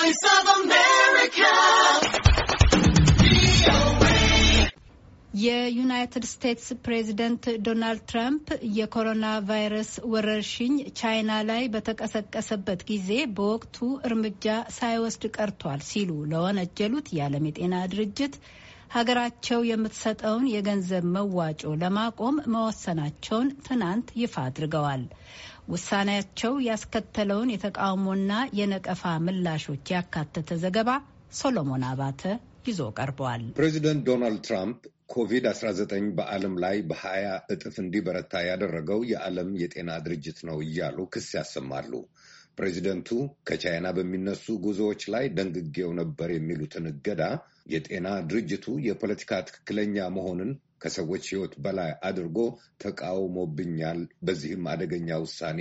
Voice of America. የዩናይትድ ስቴትስ ፕሬዚደንት ዶናልድ ትራምፕ የኮሮና ቫይረስ ወረርሽኝ ቻይና ላይ በተቀሰቀሰበት ጊዜ በወቅቱ እርምጃ ሳይወስድ ቀርቷል ሲሉ ለወነጀሉት የዓለም የጤና ድርጅት ሀገራቸው የምትሰጠውን የገንዘብ መዋጮ ለማቆም መወሰናቸውን ትናንት ይፋ አድርገዋል። ውሳኔያቸው ያስከተለውን የተቃውሞና የነቀፋ ምላሾች ያካተተ ዘገባ ሶሎሞን አባተ ይዞ ቀርበዋል። ፕሬዚደንት ዶናልድ ትራምፕ ኮቪድ-19 በዓለም ላይ በ20 እጥፍ እንዲበረታ ያደረገው የዓለም የጤና ድርጅት ነው እያሉ ክስ ያሰማሉ። ፕሬዚደንቱ ከቻይና በሚነሱ ጉዞዎች ላይ ደንግጌው ነበር የሚሉትን እገዳ የጤና ድርጅቱ የፖለቲካ ትክክለኛ መሆንን ከሰዎች ሕይወት በላይ አድርጎ ተቃውሞብኛል፣ በዚህም አደገኛ ውሳኔ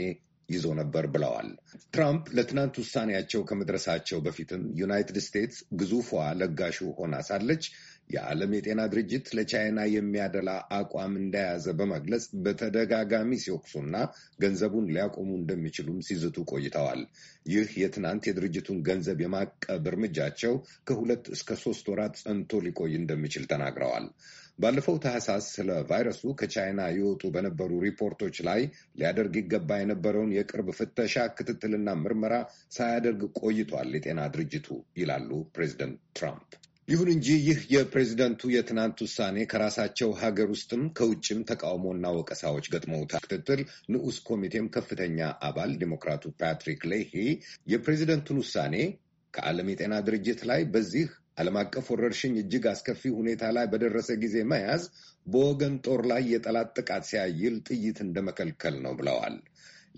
ይዞ ነበር ብለዋል። ትራምፕ ለትናንት ውሳኔያቸው ከመድረሳቸው በፊትም ዩናይትድ ስቴትስ ግዙፏ ለጋሹ ሆና ሳለች የዓለም የጤና ድርጅት ለቻይና የሚያደላ አቋም እንደያዘ በመግለጽ በተደጋጋሚ ሲወቅሱና ገንዘቡን ሊያቆሙ እንደሚችሉም ሲዝቱ ቆይተዋል። ይህ የትናንት የድርጅቱን ገንዘብ የማቀብ እርምጃቸው ከሁለት እስከ ሶስት ወራት ጸንቶ ሊቆይ እንደሚችል ተናግረዋል። ባለፈው ታህሳስ ስለ ቫይረሱ ከቻይና ይወጡ በነበሩ ሪፖርቶች ላይ ሊያደርግ ይገባ የነበረውን የቅርብ ፍተሻ፣ ክትትልና ምርመራ ሳያደርግ ቆይቷል የጤና ድርጅቱ ይላሉ ፕሬዚደንት ትራምፕ። ይሁን እንጂ ይህ የፕሬዚደንቱ የትናንት ውሳኔ ከራሳቸው ሀገር ውስጥም ከውጭም ተቃውሞና ወቀሳዎች ገጥመውታል። ክትትል ንዑስ ኮሚቴም ከፍተኛ አባል ዴሞክራቱ ፓትሪክ ሌሂ የፕሬዚደንቱን ውሳኔ ከዓለም የጤና ድርጅት ላይ በዚህ ዓለም አቀፍ ወረርሽኝ እጅግ አስከፊ ሁኔታ ላይ በደረሰ ጊዜ መያዝ በወገን ጦር ላይ የጠላት ጥቃት ሲያይል ጥይት እንደመከልከል ነው ብለዋል።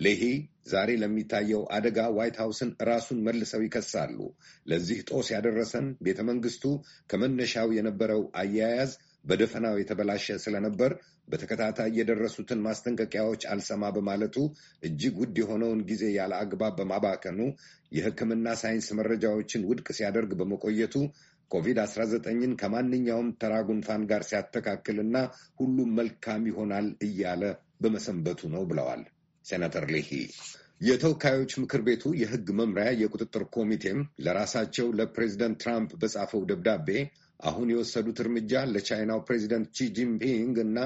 ሌሂ ዛሬ ለሚታየው አደጋ ዋይት ሀውስን ራሱን መልሰው ይከሳሉ። ለዚህ ጦስ ያደረሰን ቤተ መንግስቱ ከመነሻው የነበረው አያያዝ በደፈናው የተበላሸ ስለነበር በተከታታይ የደረሱትን ማስጠንቀቂያዎች አልሰማ በማለቱ እጅግ ውድ የሆነውን ጊዜ ያለ አግባብ በማባከኑ የሕክምና ሳይንስ መረጃዎችን ውድቅ ሲያደርግ በመቆየቱ ኮቪድ-19ን ከማንኛውም ተራ ጉንፋን ጋር ሲያተካክልና ሁሉም መልካም ይሆናል እያለ በመሰንበቱ ነው ብለዋል። ሴናተር ሊሂ የተወካዮች ምክር ቤቱ የሕግ መምሪያ የቁጥጥር ኮሚቴም ለራሳቸው ለፕሬዚደንት ትራምፕ በጻፈው ደብዳቤ አሁን የወሰዱት እርምጃ ለቻይናው ፕሬዚደንት ቺጂንፒንግ እና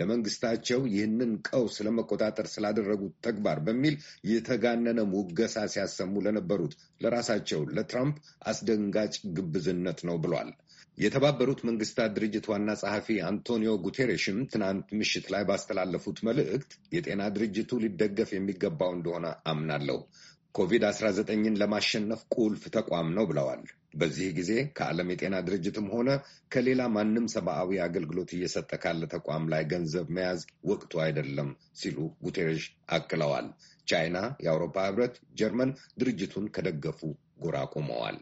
ለመንግስታቸው ይህንን ቀውስ ለመቆጣጠር ስላደረጉት ተግባር በሚል የተጋነነ ሙገሳ ሲያሰሙ ለነበሩት ለራሳቸው ለትራምፕ አስደንጋጭ ግብዝነት ነው ብሏል። የተባበሩት መንግስታት ድርጅት ዋና ጸሐፊ አንቶኒዮ ጉቴሬሽም ትናንት ምሽት ላይ ባስተላለፉት መልእክት የጤና ድርጅቱ ሊደገፍ የሚገባው እንደሆነ አምናለሁ፣ ኮቪድ-19ን ለማሸነፍ ቁልፍ ተቋም ነው ብለዋል። በዚህ ጊዜ ከዓለም የጤና ድርጅትም ሆነ ከሌላ ማንም ሰብአዊ አገልግሎት እየሰጠ ካለ ተቋም ላይ ገንዘብ መያዝ ወቅቱ አይደለም ሲሉ ጉቴሬሽ አክለዋል። ቻይና፣ የአውሮፓ ህብረት፣ ጀርመን ድርጅቱን ከደገፉ ጎራ ቆመዋል።